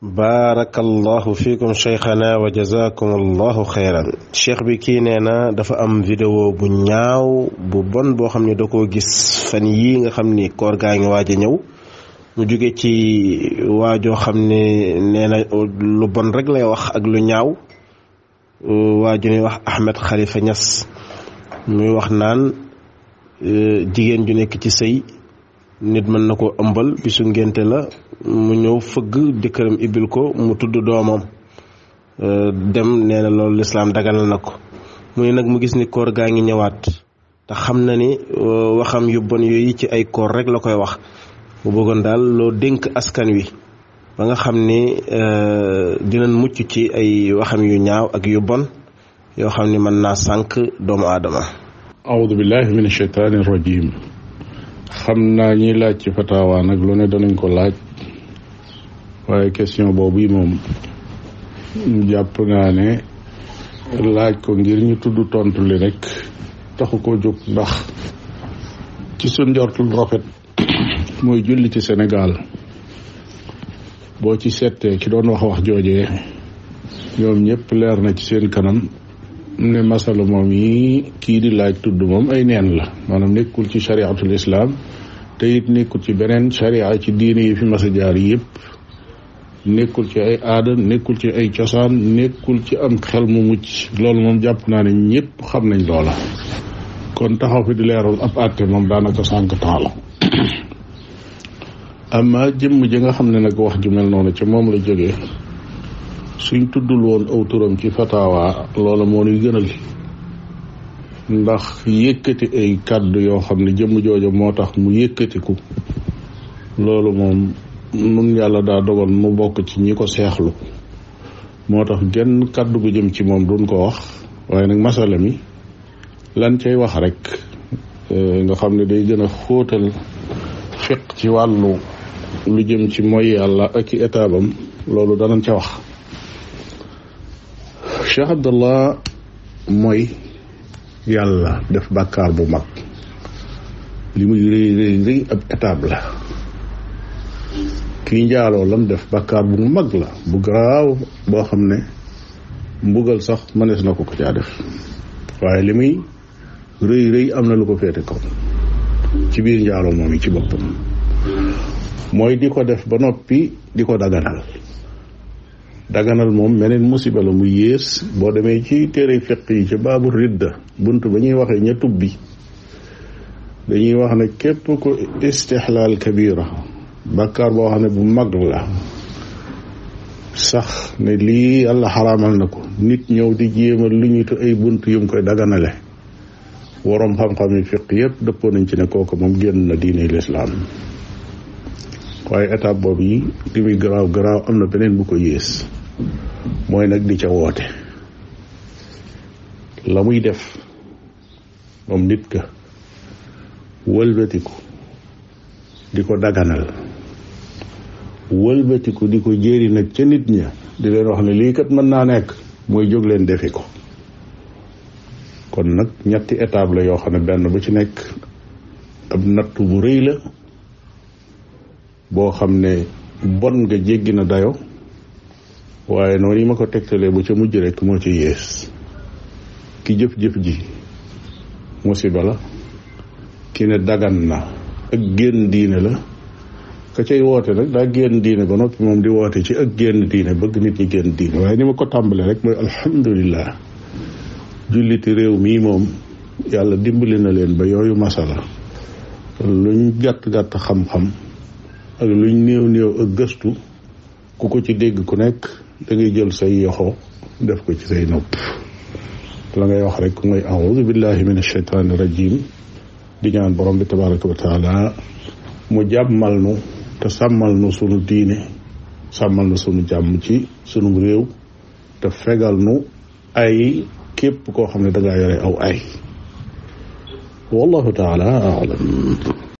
baarakallahu fiikum cheikhana wa jazakum allahu xeyran cheikh bi kii nee na dafa am vidéo bu ñaaw bu bon boo xam ne da koo gis fan yi nga xam ni koor gaa ngi waaj a ñëw mu jóge ci waajoo xam ni nee na lu bon rek lay wax ak lu ñaaw waaju ñuy wax Ahmed Khalifa Niass muy wax naan eh, jigéen ju nekk ci sëy nit mën na koo ëmbal su ngénte la mu ñëw fëgg jëkkëram ibil ko mu tudd doomam euh, dem nee loolu lislaam daganal na ko mu ne nag mu gis ni koor gaa ngi ñëwaat te xam na ni euh, waxam yu bon yooyu ci ay koor rek la koy wax mu bëggoon daal loo dénk askan wi ba nga xam ni euh, dinañ mucc ci ay waxam yu ñaaw ak yu bon yoo xam ni mën naa sànq doomu aadama. aoudu xam naa ñiy laaj ci fatawa nag lu ne danañ ko laaj waaye question boobu yi moom jàpp naa ne laaj ko ngir ñu tudd tontu li rek taxu ko jóg ndax ci suñ njortul rafet mooy julli ci senegaal boo ci seetee ki doon wax wax joojee ñoom ñëpp leer na ci seen kanam ne masala moom yi kii di laaj tudd moom ay neen la maanaam nekkul ci chariatul islam te it nekkul ci beneen charia ci diine yi fi mas a jaar yëpp nekkul ci ay aada nekkul ci ay cosaan nekkul ci am xel mu mucc loolu moom jàpp naa ne ñëpp xam nañ loola kon taxaw fi di leerul ab àtte moom daanaka sànq temps la amma jëmm ji nga xam ne nag wax ju mel noonu ci moom la jógee suñ tuddul woon aw turam ci fatawa loola moo nuy gënal ndax yëkkati ay kàddu yoo xam ne jëmm jooja moo tax mu yëkkatiku loolu moom nun yàlla daa dogal mu bokk ci ñi ko seexlu moo tax genn kàddu gu jëm ci moom duñ ko wax waaye nag masala mi lan cay wax rek e, nga xam ne day gën a xóotal fiq ci wàllu lu jëm ci mooy yàlla ak ci état bam loolu danañ ca wax Cheikh Abdallah mooy yàlla def bàkkaar bu mag li muy rëy rëy rëy ab étape la ki njaaloo lam def bàkkaar bu mag la bu garaaw boo xam ne mbugal sax mënees na ko ko caa def waaye li muy rëy rëy am na lu ko féete kaw ci biir njaaloo moom yi ci boppam mooy di ko def ba noppi di ko daganal daganal moom meneen musiba la mu yées boo demee ci téere fiq yi ci baabu ridda bunt ba ñuy waxee ña tubbi dañuy wax ne képp ko istixlaal kabira bàkkaar boo xam ne bu mag la sax ne lii yàlla xaraamal na ko nit ñëw di jéemal lu ñu te ay bunt yum koy daganale waroom xam-xam yi fiq yépp dëppoo nañ ci ne kooko moom génn na diine lislaam waaye étape boobu yi li muy garaaw garaaw am na beneen bu ko yées mooy nag di ca woote la muy def moom nit ka wëlbatiku di ko daganal wëlbatiku di ko jéeri nag ca nit ña di leen wax ne lii kat mën naa nekk mooy jóg leen defi ko kon nag ñetti étape la yoo xam ne benn bu ci nekk ab nattu bu rëy la boo xam ne bon nga jéggi na dayo waaye noonu yi ma ko tegtalee bu ca mujj rek moo ci yées ki jëf-jëf ji musiba la ki ne daggan na ak génn diine la ka cay woote nag daa génn diine ba noppi moom di woote ci ak génn diine bëgg nit ñi génn diine waaye ni ma ko tàmbalee rek mooy alhamdulillah julliti réew mii moom yàlla dimbali na leen ba yooyu masala luñ gàtt-gàtt xam-xam ak luñ néew néew ak gëstu ku ko ci dégg ku nekk da jël say yoxo def ko ci say nopp la ngay wax rek mooy aoudu billahi min ashaytaani rajim di ñaan borom bi tabaraka wa mu jàmmal nu te sàmmal nu sunu diine sàmmal nu sunu jàmm ci sunu réew te fegal nu ay képp koo xam ne dangaa yore aw ay wallahu taala alam